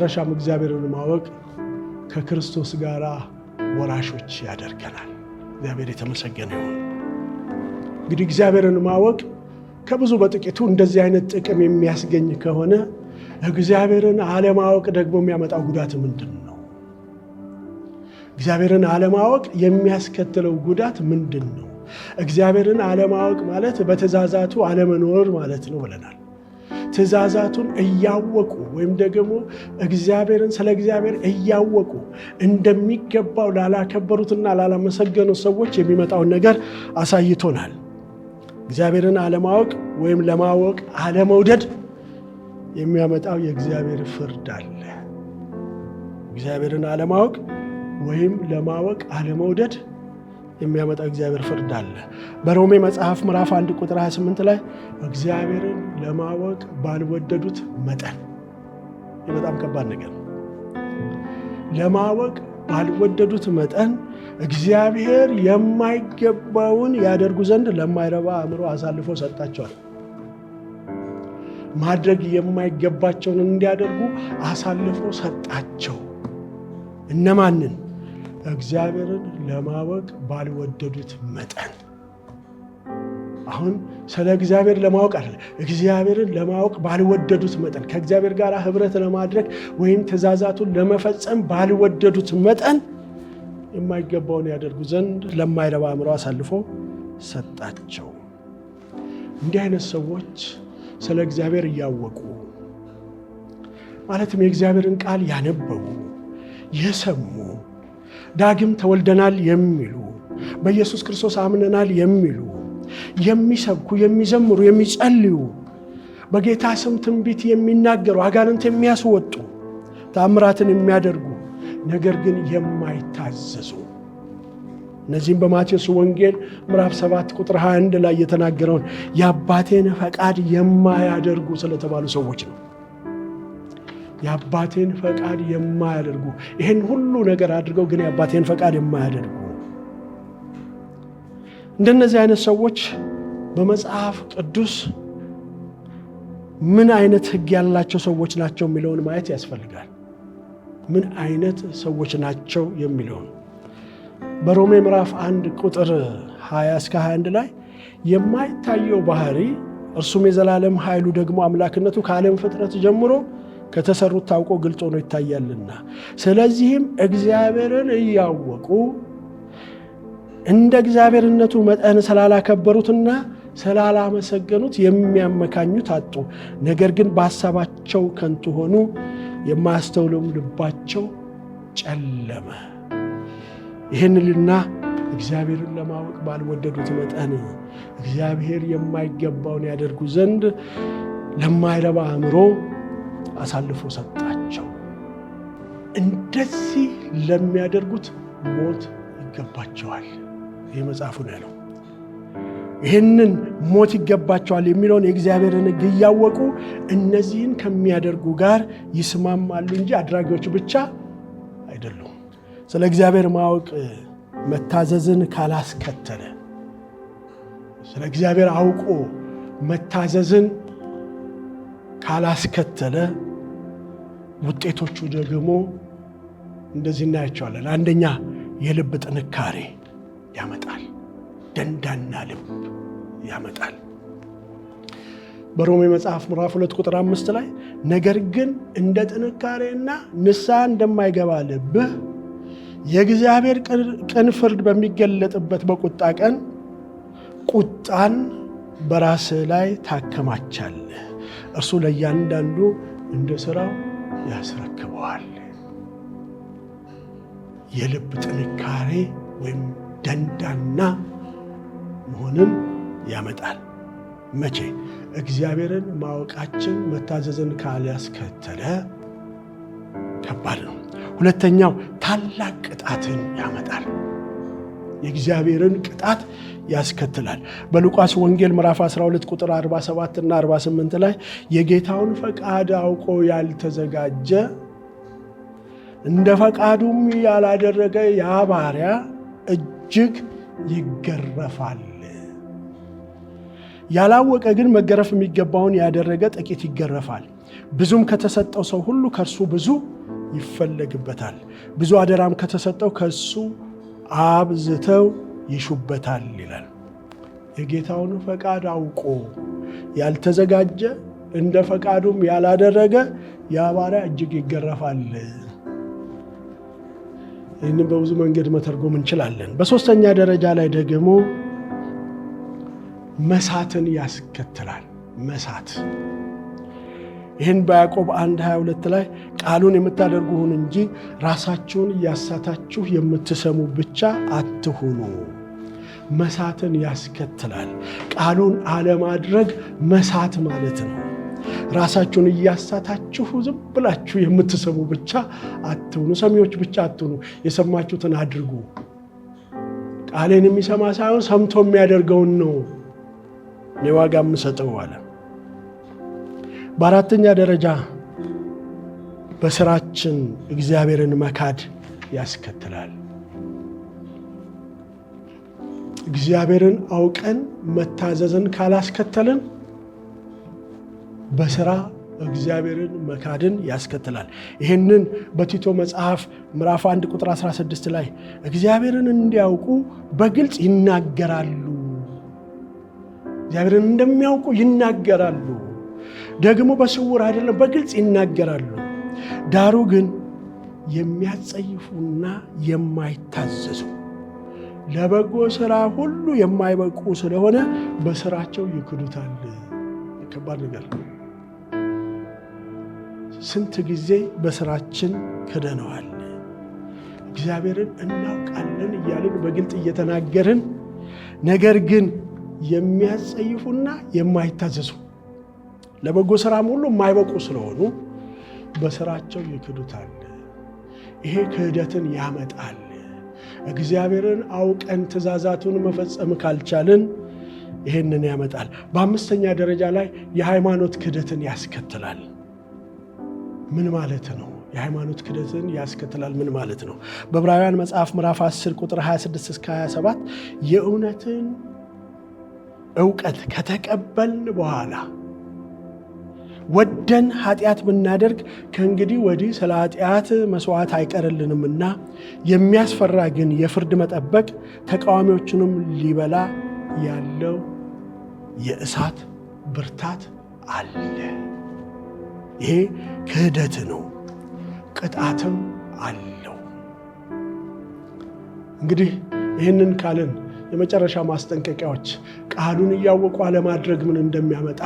በመጨረሻም እግዚአብሔርን ማወቅ ከክርስቶስ ጋር ወራሾች ያደርገናል። እግዚአብሔር የተመሰገነ ይሁን። እንግዲህ እግዚአብሔርን ማወቅ ከብዙ በጥቂቱ እንደዚህ አይነት ጥቅም የሚያስገኝ ከሆነ እግዚአብሔርን አለማወቅ ደግሞ የሚያመጣው ጉዳት ምንድን ነው? እግዚአብሔርን አለማወቅ የሚያስከትለው ጉዳት ምንድን ነው? እግዚአብሔርን አለማወቅ ማለት በትእዛዛቱ አለመኖር ማለት ነው ብለናል። ትእዛዛቱን እያወቁ ወይም ደግሞ እግዚአብሔርን ስለ እግዚአብሔር እያወቁ እንደሚገባው ላላከበሩትና ላላመሰገኑ ሰዎች የሚመጣውን ነገር አሳይቶናል። እግዚአብሔርን አለማወቅ ወይም ለማወቅ አለመውደድ የሚያመጣው የእግዚአብሔር ፍርድ አለ። እግዚአብሔርን አለማወቅ ወይም ለማወቅ አለመውደድ የሚያመጣው እግዚአብሔር ፍርድ አለ። በሮሜ መጽሐፍ ምዕራፍ 1 ቁጥር 28 ላይ እግዚአብሔርን ለማወቅ ባልወደዱት መጠን ይህ በጣም ከባድ ነገር ነው። ለማወቅ ባልወደዱት መጠን እግዚአብሔር የማይገባውን ያደርጉ ዘንድ ለማይረባ አእምሮ አሳልፎ ሰጣቸዋል። ማድረግ የማይገባቸውን እንዲያደርጉ አሳልፎ ሰጣቸው። እነማንን? እግዚአብሔርን ለማወቅ ባልወደዱት መጠን አሁን ስለ እግዚአብሔር ለማወቅ አለ እግዚአብሔርን ለማወቅ ባልወደዱት መጠን ከእግዚአብሔር ጋር ህብረት ለማድረግ ወይም ትእዛዛቱን ለመፈጸም ባልወደዱት መጠን የማይገባውን ያደርጉ ዘንድ ለማይረባ አእምሮ አሳልፎ ሰጣቸው። እንዲህ አይነት ሰዎች ስለ እግዚአብሔር እያወቁ ማለትም የእግዚአብሔርን ቃል ያነበቡ የሰሙ ዳግም ተወልደናል የሚሉ በኢየሱስ ክርስቶስ አምነናል የሚሉ የሚሰብኩ፣ የሚዘምሩ፣ የሚጸልዩ በጌታ ስም ትንቢት የሚናገሩ አጋንንት የሚያስወጡ ተአምራትን የሚያደርጉ ነገር ግን የማይታዘዙ እነዚህም በማቴዎስ ወንጌል ምዕራፍ 7 ቁጥር 21 ላይ የተናገረውን የአባቴን ፈቃድ የማያደርጉ ስለተባሉ ሰዎች ነው። የአባቴን ፈቃድ የማያደርጉ ይህን ሁሉ ነገር አድርገው ግን የአባቴን ፈቃድ የማያደርጉ እንደነዚህ አይነት ሰዎች በመጽሐፍ ቅዱስ ምን አይነት ሕግ ያላቸው ሰዎች ናቸው የሚለውን ማየት ያስፈልጋል። ምን አይነት ሰዎች ናቸው የሚለውን በሮሜ ምዕራፍ አንድ ቁጥር 20 እስከ 21 ላይ የማይታየው ባህሪ እርሱም የዘላለም ኃይሉ ደግሞ አምላክነቱ ከዓለም ፍጥረት ጀምሮ ከተሰሩት ታውቆ ግልጽ ሆኖ ይታያልና። ስለዚህም እግዚአብሔርን እያወቁ እንደ እግዚአብሔርነቱ መጠን ስላላከበሩትና ስላላመሰገኑት የሚያመካኙት አጡ። ነገር ግን በሐሳባቸው ከንቱ ሆኑ፣ የማያስተውለውም ልባቸው ጨለመ። ልና እግዚአብሔርን ለማወቅ ባልወደዱት መጠን እግዚአብሔር የማይገባውን ያደርጉ ዘንድ ለማይረባ አእምሮ አሳልፎ ሰጣቸው። እንደዚህ ለሚያደርጉት ሞት ይገባቸዋል። ይህ መጽሐፉ ነው ያለው። ይህንን ሞት ይገባቸዋል የሚለውን የእግዚአብሔርን ሕግ እያወቁ እነዚህን ከሚያደርጉ ጋር ይስማማሉ እንጂ አድራጊዎቹ ብቻ አይደሉም። ስለ እግዚአብሔር ማወቅ መታዘዝን ካላስከተለ ስለ እግዚአብሔር አውቆ መታዘዝን ካላስከተለ ውጤቶቹ ደግሞ እንደዚህ እናያቸዋለን። አንደኛ የልብ ጥንካሬ ያመጣል፣ ደንዳና ልብ ያመጣል። በሮሜ መጽሐፍ ምዕራፍ ሁለት ቁጥር አምስት ላይ ነገር ግን እንደ ጥንካሬና ንስሐ እንደማይገባ ልብህ የእግዚአብሔር ቅን ፍርድ በሚገለጥበት በቁጣ ቀን ቁጣን በራስህ ላይ ታከማቻለህ እርሱ ለእያንዳንዱ እንደ ሥራው ያስረክበዋል። የልብ ጥንካሬ ወይም ደንዳና መሆንም ያመጣል። መቼ እግዚአብሔርን ማወቃችን መታዘዝን ካላስከተለ ከባድ ነው። ሁለተኛው ታላቅ ቅጣትን ያመጣል። የእግዚአብሔርን ቅጣት ያስከትላል። በሉቃስ ወንጌል ምዕራፍ 12 ቁጥር 47 እና 48 ላይ የጌታውን ፈቃድ አውቆ ያልተዘጋጀ እንደ ፈቃዱም ያላደረገ ያ ባሪያ እጅግ ይገረፋል። ያላወቀ ግን መገረፍ የሚገባውን ያደረገ ጥቂት ይገረፋል። ብዙም ከተሰጠው ሰው ሁሉ ከእርሱ ብዙ ይፈለግበታል። ብዙ አደራም ከተሰጠው ከእሱ አብዝተው ይሹበታል ይላል። የጌታውን ፈቃድ አውቆ ያልተዘጋጀ እንደ ፈቃዱም ያላደረገ ያ ባሪያ እጅግ ይገረፋል። ይህንም በብዙ መንገድ መተርጎም እንችላለን። በሶስተኛ ደረጃ ላይ ደግሞ መሳትን ያስከትላል። መሳት ይህን በያዕቆብ አንድ 22 ላይ ቃሉን የምታደርጉ ሁን እንጂ ራሳችሁን እያሳታችሁ የምትሰሙ ብቻ አትሁኑ። መሳትን ያስከትላል። ቃሉን አለማድረግ መሳት ማለት ነው። ራሳችሁን እያሳታችሁ ዝም ብላችሁ የምትሰሙ ብቻ አትሁኑ። ሰሚዎች ብቻ አትሁኑ። የሰማችሁትን አድርጉ። ቃሌን የሚሰማ ሳይሆን ሰምቶ የሚያደርገውን ነው እኔ ዋጋ የምሰጠው አለ። በአራተኛ ደረጃ በስራችን እግዚአብሔርን መካድ ያስከትላል። እግዚአብሔርን አውቀን መታዘዝን ካላስከተልን በስራ እግዚአብሔርን መካድን ያስከትላል። ይህንን በቲቶ መጽሐፍ ምዕራፍ 1 ቁጥር 16 ላይ እግዚአብሔርን እንዲያውቁ በግልጽ ይናገራሉ፣ እግዚአብሔርን እንደሚያውቁ ይናገራሉ ደግሞ በስውር አይደለም፣ በግልጽ ይናገራሉ። ዳሩ ግን የሚያጸይፉና የማይታዘዙ ለበጎ ስራ ሁሉ የማይበቁ ስለሆነ በስራቸው ይክዱታል። ከባድ ነገር። ስንት ጊዜ በስራችን ክደነዋል። እግዚአብሔርን እናውቃለን እያልን በግልጥ እየተናገርን ነገር ግን የሚያጸይፉና የማይታዘዙ ለበጎ ስራም ሁሉ የማይበቁ ስለሆኑ በስራቸው ይክዱታል። ይሄ ክህደትን ያመጣል። እግዚአብሔርን አውቀን ትእዛዛቱን መፈጸም ካልቻልን ይህንን ያመጣል። በአምስተኛ ደረጃ ላይ የሃይማኖት ክህደትን ያስከትላል። ምን ማለት ነው? የሃይማኖት ክደትን ያስከትላል ምን ማለት ነው? በዕብራውያን መጽሐፍ ምዕራፍ 10 ቁጥር 26 እስከ 27 የእውነትን እውቀት ከተቀበልን በኋላ ወደን ኃጢአት ብናደርግ ከእንግዲህ ወዲህ ስለ ኃጢአት መስዋዕት አይቀርልንምና የሚያስፈራ ግን የፍርድ መጠበቅ ተቃዋሚዎችንም ሊበላ ያለው የእሳት ብርታት አለ። ይሄ ክህደት ነው፣ ቅጣትም አለው። እንግዲህ ይህንን ካልን የመጨረሻ ማስጠንቀቂያዎች ቃሉን እያወቁ አለማድረግ ምን እንደሚያመጣ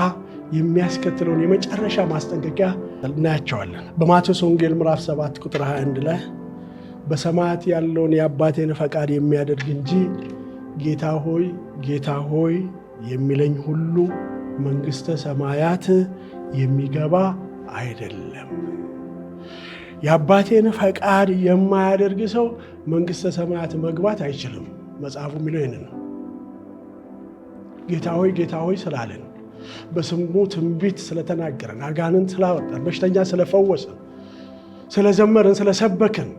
የሚያስከትለውን የመጨረሻ ማስጠንቀቂያ እናያቸዋለን። በማቴዎስ ወንጌል ምዕራፍ 7 ቁጥር 21 ላይ በሰማያት ያለውን የአባቴን ፈቃድ የሚያደርግ እንጂ ጌታ ሆይ ጌታ ሆይ የሚለኝ ሁሉ መንግሥተ ሰማያት የሚገባ አይደለም። የአባቴን ፈቃድ የማያደርግ ሰው መንግሥተ ሰማያት መግባት አይችልም። መጽሐፉ የሚለው ይህን ነው። ጌታ ሆይ ጌታ ሆይ ስላለን በስሙ ትንቢት ስለተናገረን፣ አጋንን ስላወጣን፣ በሽተኛ ስለፈወሰን፣ ስለዘመርን፣ ስለሰበክን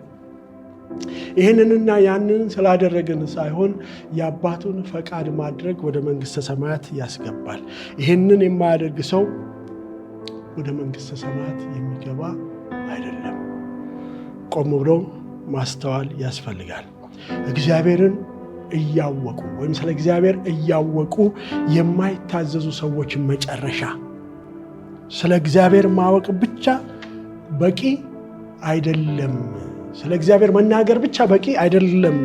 ይህንንና ያንን ስላደረግን ሳይሆን የአባቱን ፈቃድ ማድረግ ወደ መንግሥተ ሰማያት ያስገባል። ይህንን የማያደርግ ሰው ወደ መንግሥተ ሰማያት የሚገባ አይደለም። ቆም ብሎ ማስተዋል ያስፈልጋል። እግዚአብሔርን እያወቁ ወይም ስለ እግዚአብሔር እያወቁ የማይታዘዙ ሰዎች መጨረሻ። ስለ እግዚአብሔር ማወቅ ብቻ በቂ አይደለም። ስለ እግዚአብሔር መናገር ብቻ በቂ አይደለም።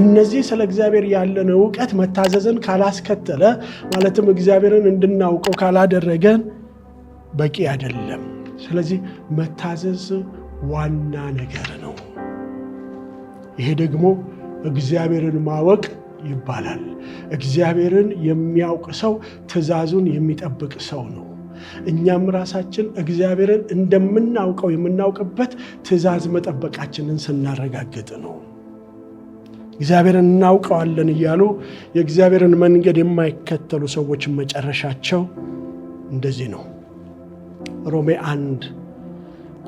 እነዚህ ስለ እግዚአብሔር ያለን እውቀት መታዘዝን ካላስከተለ፣ ማለትም እግዚአብሔርን እንድናውቀው ካላደረገን በቂ አይደለም። ስለዚህ መታዘዝ ዋና ነገር ነው። ይሄ ደግሞ እግዚአብሔርን ማወቅ ይባላል። እግዚአብሔርን የሚያውቅ ሰው ትእዛዙን የሚጠብቅ ሰው ነው። እኛም ራሳችን እግዚአብሔርን እንደምናውቀው የምናውቅበት ትእዛዝ መጠበቃችንን ስናረጋግጥ ነው። እግዚአብሔርን እናውቀዋለን እያሉ የእግዚአብሔርን መንገድ የማይከተሉ ሰዎች መጨረሻቸው እንደዚህ ነው። ሮሜ 1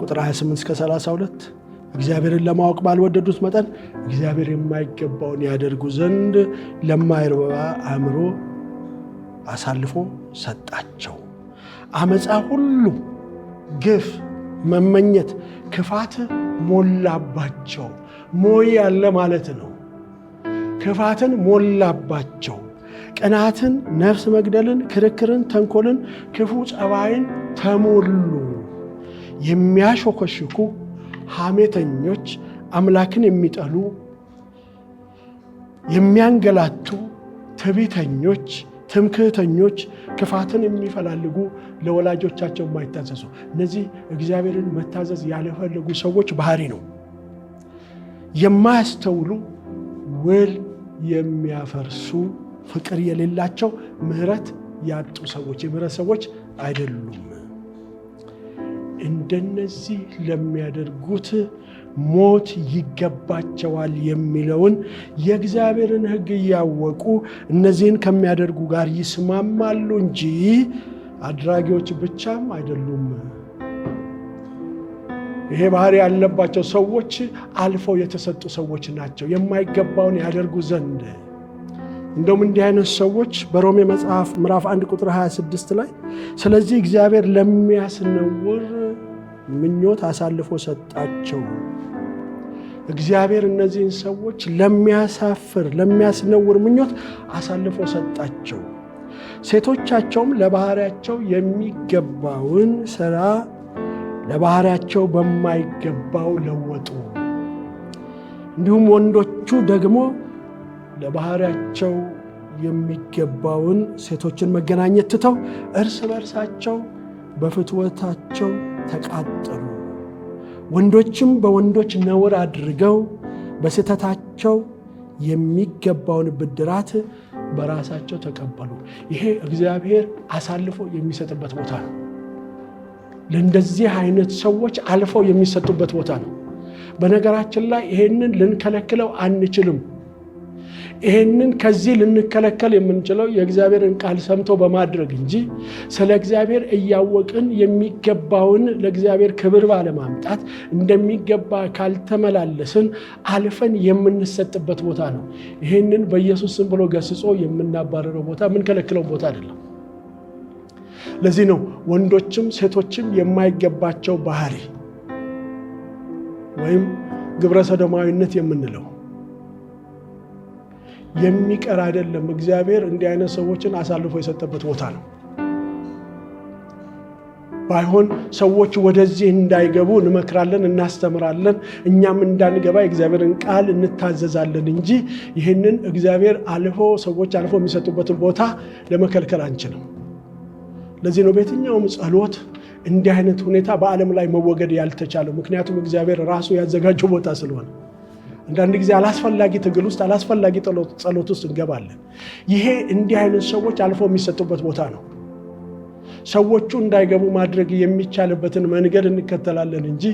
ቁጥር 28 እስከ 32 እግዚአብሔርን ለማወቅ ባልወደዱት መጠን እግዚአብሔር የማይገባውን ያደርጉ ዘንድ ለማይረባ አእምሮ አሳልፎ ሰጣቸው። አመፃ ሁሉ፣ ግፍ፣ መመኘት፣ ክፋት ሞላባቸው። ሞይ ያለ ማለት ነው። ክፋትን ሞላባቸው። ቅናትን፣ ነፍስ መግደልን፣ ክርክርን፣ ተንኮልን፣ ክፉ ጸባይን ተሞሉ የሚያሾከሽኩ ሐሜተኞች፣ አምላክን የሚጠሉ የሚያንገላቱ፣ ትቢተኞች ትምክህተኞች፣ ክፋትን የሚፈላልጉ፣ ለወላጆቻቸው የማይታዘዙ እነዚህ እግዚአብሔርን መታዘዝ ያልፈለጉ ሰዎች ባህሪ ነው። የማያስተውሉ ውል የሚያፈርሱ ፍቅር የሌላቸው ምሕረት ያጡ ሰዎች የምሕረት ሰዎች አይደሉም። እንደነዚህ ለሚያደርጉት ሞት ይገባቸዋል የሚለውን የእግዚአብሔርን ሕግ እያወቁ እነዚህን ከሚያደርጉ ጋር ይስማማሉ እንጂ አድራጊዎች ብቻም አይደሉም። ይሄ ባህሪ ያለባቸው ሰዎች አልፈው የተሰጡ ሰዎች ናቸው፣ የማይገባውን ያደርጉ ዘንድ። እንደውም እንዲህ አይነት ሰዎች በሮሜ መጽሐፍ ምዕራፍ 1 ቁጥር 26 ላይ ስለዚህ እግዚአብሔር ለሚያስነውር ምኞት አሳልፎ ሰጣቸው። እግዚአብሔር እነዚህን ሰዎች ለሚያሳፍር ለሚያስነውር ምኞት አሳልፎ ሰጣቸው። ሴቶቻቸውም ለባህሪያቸው የሚገባውን ስራ ለባህሪያቸው በማይገባው ለወጡ። እንዲሁም ወንዶቹ ደግሞ ለባህሪያቸው የሚገባውን ሴቶችን መገናኘት ትተው እርስ በርሳቸው በፍትወታቸው ተቃጠሉ። ወንዶችም በወንዶች ነውር አድርገው በስህተታቸው የሚገባውን ብድራት በራሳቸው ተቀበሉ። ይሄ እግዚአብሔር አሳልፎ የሚሰጥበት ቦታ ነው። ለእንደዚህ አይነት ሰዎች አልፈው የሚሰጡበት ቦታ ነው። በነገራችን ላይ ይሄንን ልንከለክለው አንችልም። ይሄንን ከዚህ ልንከለከል የምንችለው የእግዚአብሔርን ቃል ሰምቶ በማድረግ እንጂ ስለ እግዚአብሔር እያወቅን የሚገባውን ለእግዚአብሔር ክብር ባለማምጣት እንደሚገባ ካልተመላለስን አልፈን የምንሰጥበት ቦታ ነው። ይሄንን በኢየሱስ ስም ብሎ ገስጾ የምናባረረው ቦታ የምንከለክለው ቦታ አይደለም። ለዚህ ነው ወንዶችም ሴቶችም የማይገባቸው ባህሪ ወይም ግብረ ሰዶማዊነት የምንለው የሚቀር አይደለም። እግዚአብሔር እንዲህ አይነት ሰዎችን አሳልፎ የሰጠበት ቦታ ነው። ባይሆን ሰዎች ወደዚህ እንዳይገቡ እንመክራለን፣ እናስተምራለን። እኛም እንዳንገባ የእግዚአብሔርን ቃል እንታዘዛለን እንጂ ይህንን እግዚአብሔር አልፎ ሰዎች አልፎ የሚሰጡበትን ቦታ ለመከልከል አንችልም። ለዚህ ነው በየትኛውም ጸሎት እንዲህ አይነት ሁኔታ በዓለም ላይ መወገድ ያልተቻለው፣ ምክንያቱም እግዚአብሔር ራሱ ያዘጋጀው ቦታ ስለሆነ አንዳንድ ጊዜ አላስፈላጊ ትግል ውስጥ አላስፈላጊ ጸሎት ውስጥ እንገባለን። ይሄ እንዲህ አይነት ሰዎች አልፎ የሚሰጡበት ቦታ ነው። ሰዎቹ እንዳይገቡ ማድረግ የሚቻልበትን መንገድ እንከተላለን እንጂ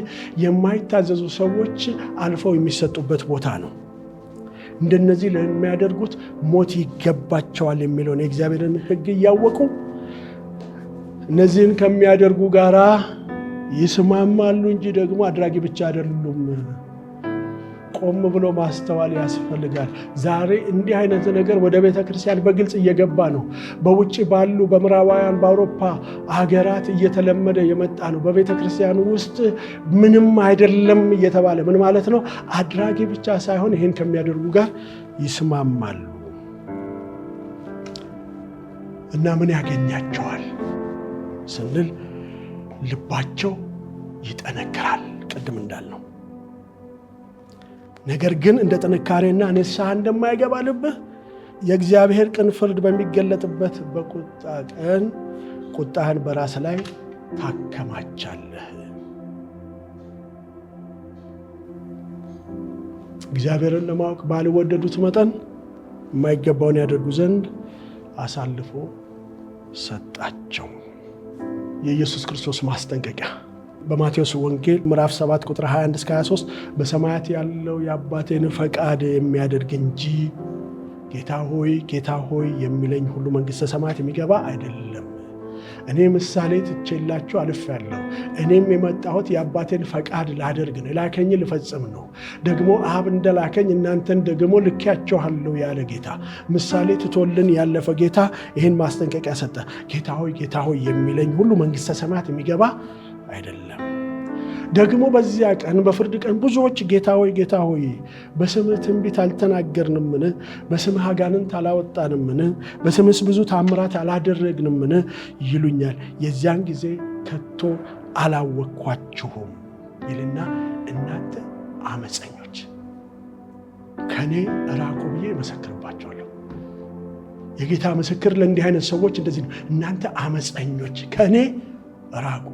የማይታዘዙ ሰዎች አልፈው የሚሰጡበት ቦታ ነው። እንደነዚህ ለሚያደርጉት ሞት ይገባቸዋል የሚለውን የእግዚአብሔርን ሕግ እያወቁ እነዚህን ከሚያደርጉ ጋራ ይስማማሉ እንጂ ደግሞ አድራጊ ብቻ አይደሉም። ቆም ብሎ ማስተዋል ያስፈልጋል። ዛሬ እንዲህ አይነት ነገር ወደ ቤተ ክርስቲያን በግልጽ እየገባ ነው። በውጭ ባሉ በምዕራባውያን በአውሮፓ አገራት እየተለመደ የመጣ ነው። በቤተ ክርስቲያኑ ውስጥ ምንም አይደለም እየተባለ ምን ማለት ነው? አድራጊ ብቻ ሳይሆን ይሄን ከሚያደርጉ ጋር ይስማማሉ። እና ምን ያገኛቸዋል ስንል ልባቸው ይጠነክራል። ቅድም እንዳልነው ነገር ግን እንደ ጥንካሬና ንስሐ እንደማይገባ ልብህ የእግዚአብሔር ቅን ፍርድ በሚገለጥበት በቁጣ ቀን ቁጣህን በራስ ላይ ታከማቻለህ። እግዚአብሔርን ለማወቅ ባልወደዱት መጠን የማይገባውን ያደርጉ ዘንድ አሳልፎ ሰጣቸው። የኢየሱስ ክርስቶስ ማስጠንቀቂያ በማቴዎስ ወንጌል ምዕራፍ 7 ቁጥር 21 እስከ 23 በሰማያት ያለው የአባቴን ፈቃድ የሚያደርግ እንጂ ጌታ ሆይ ጌታ ሆይ የሚለኝ ሁሉ መንግሥተ ሰማያት የሚገባ አይደለም። እኔ ምሳሌ ትቼላችሁ አልፌአለሁ። እኔም የመጣሁት የአባቴን ፈቃድ ላደርግ ነው፣ የላከኝ ልፈጽም ነው። ደግሞ አብ እንደላከኝ እናንተን ደግሞ ልኪያቸኋለሁ ያለ ጌታ፣ ምሳሌ ትቶልን ያለፈ ጌታ ይህን ማስጠንቀቂያ ሰጠ። ጌታ ሆይ ጌታ ሆይ የሚለኝ ሁሉ መንግሥተ ሰማያት የሚገባ አይደለም። ደግሞ በዚያ ቀን በፍርድ ቀን ብዙዎች ጌታ ሆይ ጌታ ሆይ በስምህ ትንቢት አልተናገርንምን? በስምህ አጋንንት አላወጣንምን? በስምህስ ብዙ ታምራት አላደረግንምን? ይሉኛል። የዚያን ጊዜ ከቶ አላወቅኳችሁም ይልና እናንተ አመፀኞች ከእኔ ራቁ ብዬ መሰክርባቸዋለሁ። የጌታ ምስክር ለእንዲህ አይነት ሰዎች እንደዚህ ነው። እናንተ አመፀኞች ከእኔ ራቁ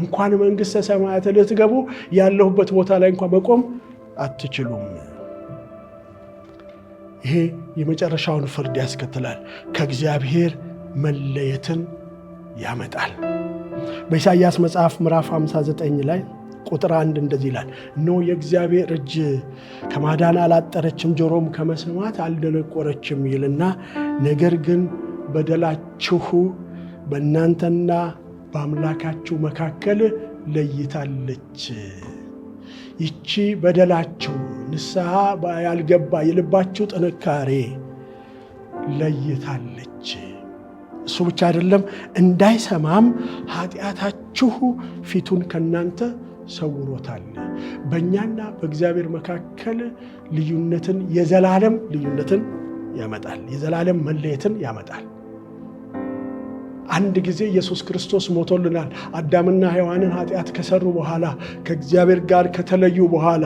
እንኳን መንግሥተ ሰማያት ልትገቡ ያለሁበት ቦታ ላይ እንኳን መቆም አትችሉም። ይሄ የመጨረሻውን ፍርድ ያስከትላል። ከእግዚአብሔር መለየትን ያመጣል። በኢሳይያስ መጽሐፍ ምዕራፍ 59 ላይ ቁጥር አንድ እንደዚህ ይላል፣ እነሆ የእግዚአብሔር እጅ ከማዳን አላጠረችም፣ ጆሮም ከመስማት አልደነቆረችም ይልና ነገር ግን በደላችሁ በእናንተና በአምላካችሁ መካከል ለይታለች። ይቺ በደላችሁ ንስሐ ያልገባ የልባችሁ ጥንካሬ ለይታለች። እሱ ብቻ አይደለም፣ እንዳይሰማም ኃጢአታችሁ ፊቱን ከእናንተ ሰውሮታል። በእኛና በእግዚአብሔር መካከል ልዩነትን የዘላለም ልዩነትን ያመጣል። የዘላለም መለየትን ያመጣል። አንድ ጊዜ ኢየሱስ ክርስቶስ ሞቶልናል። አዳምና ሔዋንን ኃጢአት ከሰሩ በኋላ ከእግዚአብሔር ጋር ከተለዩ በኋላ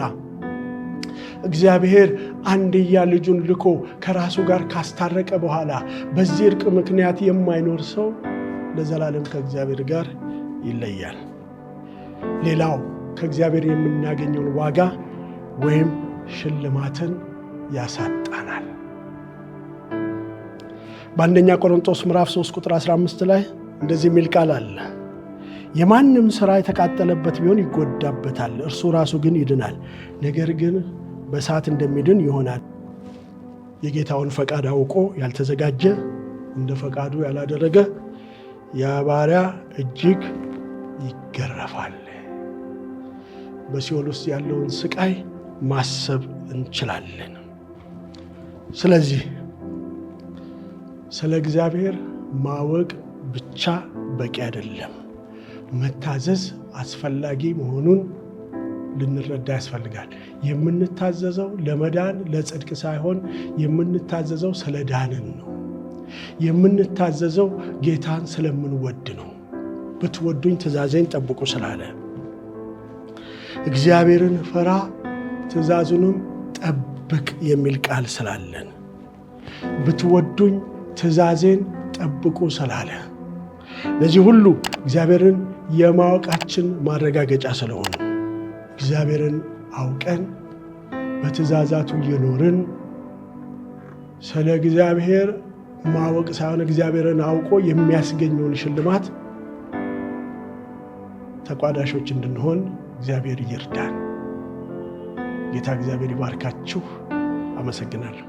እግዚአብሔር አንድያ ልጁን ልኮ ከራሱ ጋር ካስታረቀ በኋላ በዚህ እርቅ ምክንያት የማይኖር ሰው ለዘላለም ከእግዚአብሔር ጋር ይለያል። ሌላው ከእግዚአብሔር የምናገኘውን ዋጋ ወይም ሽልማትን ያሳጣናል። በአንደኛ ቆሮንጦስ ምዕራፍ 3 ቁጥር 15 ላይ እንደዚህ የሚል ቃል አለ። የማንም ሥራ የተቃጠለበት ቢሆን ይጎዳበታል፣ እርሱ ራሱ ግን ይድናል፣ ነገር ግን በእሳት እንደሚድን ይሆናል። የጌታውን ፈቃድ አውቆ ያልተዘጋጀ እንደ ፈቃዱ ያላደረገ ያ ባሪያ እጅግ ይገረፋል። በሲኦል ውስጥ ያለውን ስቃይ ማሰብ እንችላለን። ስለዚህ ስለ እግዚአብሔር ማወቅ ብቻ በቂ አይደለም። መታዘዝ አስፈላጊ መሆኑን ልንረዳ ያስፈልጋል። የምንታዘዘው ለመዳን ለጽድቅ ሳይሆን የምንታዘዘው ስለ ዳንን ነው። የምንታዘዘው ጌታን ስለምንወድ ነው። ብትወዱኝ ትእዛዜን ጠብቁ ስላለ እግዚአብሔርን ፍራ፣ ትእዛዙንም ጠብቅ የሚል ቃል ስላለን ብትወዱኝ ትእዛዜን ጠብቁ ስላለ ለዚህ ሁሉ እግዚአብሔርን የማወቃችን ማረጋገጫ ስለሆኑ እግዚአብሔርን አውቀን በትእዛዛቱ እየኖርን ስለ እግዚአብሔር ማወቅ ሳይሆን እግዚአብሔርን አውቆ የሚያስገኘውን ሽልማት ተቋዳሾች እንድንሆን እግዚአብሔር ይርዳን። ጌታ እግዚአብሔር ይባርካችሁ። አመሰግናለሁ።